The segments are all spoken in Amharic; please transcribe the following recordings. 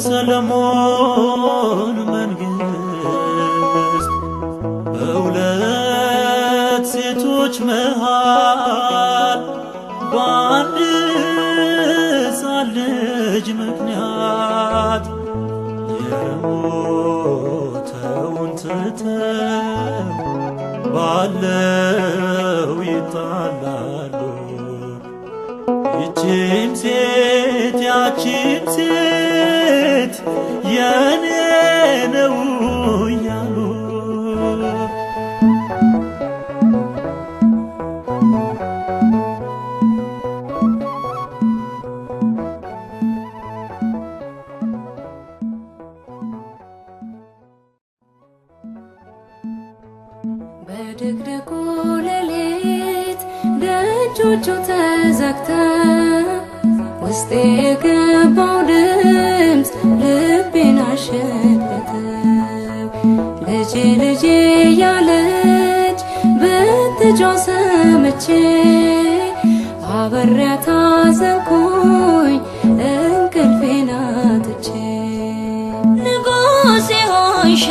በሰለሞን መንግሥት በሁለት ሴቶች መሃል በአንድ ሕፃን ልጅ ምክንያት የሞተውን ትተው ባለው ይጣላሉ። ይቺም ሴት ያቺም ሴት ቤት የኔ ነው እያሉ ደጆቹ ተዘግተው ውስጤ የገባው ድምፅ ልቤን አሸተተው ልጄ ልጄ ያለች ብትጮ ሰምቼ አብሬያ ታዘንኩኝ እንቅልፌን አጥቼ ንጉሴ ሆንሻ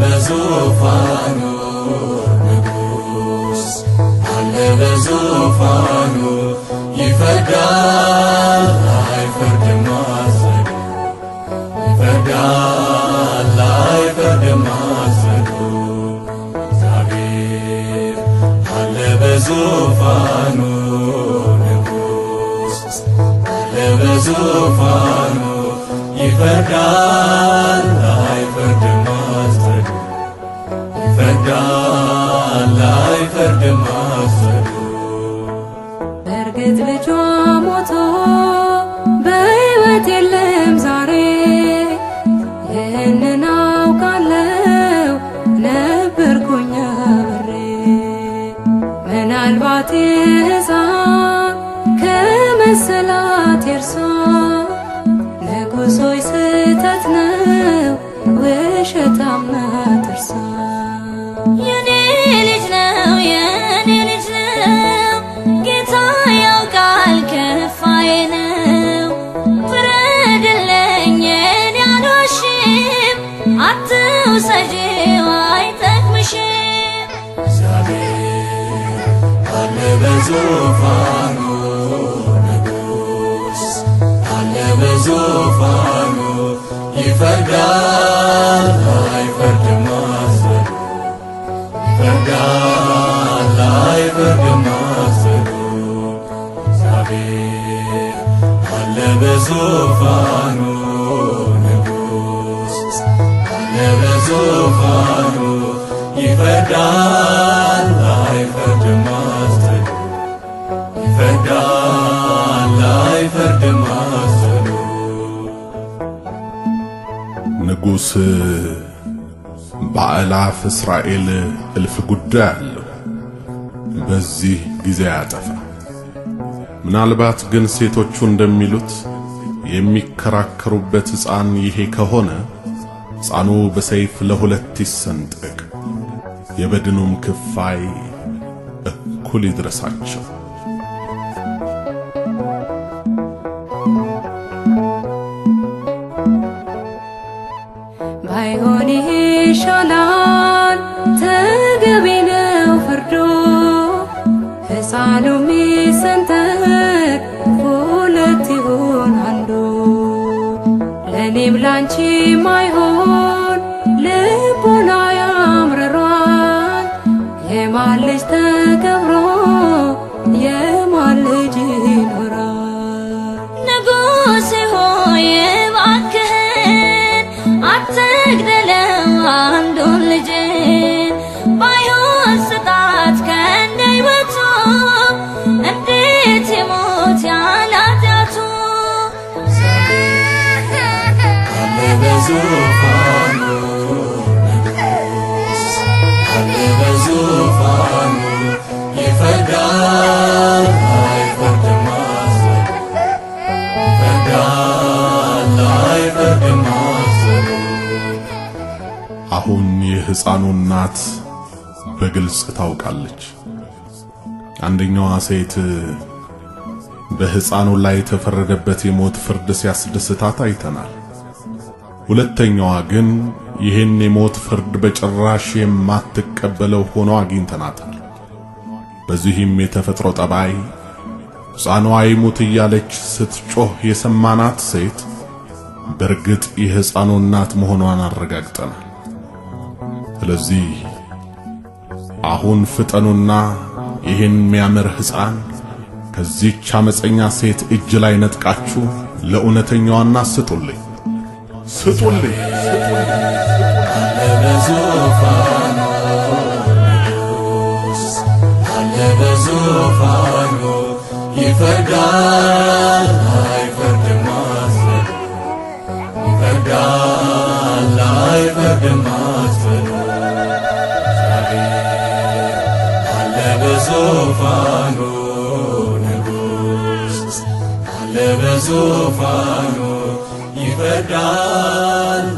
በዙፋኑ ንጉስ አለ በዙፋኑ ይፈርዳል አይፈርድም አስረዱ ይፈርዳል አይፈርድም አስረዱ እግዚአብሔር አለ በዙፋኑ ንጉስ አለ በዙፋኑ ይፈርዳል አይፈርድም ይፈርዳል አይፈርድም አሰሩ በእርግጥ ልጇ ሞቶ በሕይወት የለ የኔ ልጅ ነው የኔ ልጅ ነው ጌታ ያውቃል ከፋዬ ነው። ፍረድልኝ የኔ አልዋሽም አትውሰጂው አይጠቅምሽም። አለ በዙፋኑ ይፈርዳል አይፈርዳል بك مصدوم سبيل قلب زوفانو نبوس قلب زوفانو ይፈዳል ላይፈርድ ማስተዱ ይፈዳል ላይፈርድ ማስተዱ ንጉሥ በዓላፍ እስራኤል እልፍ ጉዳይ በዚህ ጊዜ አያጠፋ። ምናልባት ግን ሴቶቹ እንደሚሉት የሚከራከሩበት ሕፃን ይሄ ከሆነ ሕፃኑ በሰይፍ ለሁለት ይሰንጠቅ፣ የበድኑም ክፋይ እኩል ይድረሳቸው። ባይሆን ይሻላል ሳሎሚ ሰንተቅ ሁለት ይሁን አንዱ ለእኔም ላንቺም ማይሆን ልቦና ያምርሯል የማን ልጅ ተከብሮ የሕፃኑ እናት በግልጽ ታውቃለች። አንደኛዋ ሴት በሕፃኑ ላይ የተፈረደበት የሞት ፍርድ ሲያስደስታት አይተናል። ሁለተኛዋ ግን ይህን የሞት ፍርድ በጭራሽ የማትቀበለው ሆኖ አግኝተናታል። በዚህም የተፈጥሮ ጠባይ ሕፃኗ አይሙት እያለች ስትጮህ የሰማናት ሴት በእርግጥ የሕፃኑ እናት መሆኗን አረጋግጠናል። ስለዚህ አሁን ፍጠኑና ይህን የሚያምር ሕፃን ከዚች አመፀኛ ሴት እጅ ላይ ነጥቃችሁ ለእውነተኛዋና ስጡልኝ፣ ስጡልኝ። ይፈርዳል አይፈርድም፣ ይፈርዳል አይፈርድም በዙፋኑ ንጉሥ አለ በዙፋኑ ይፈርዳል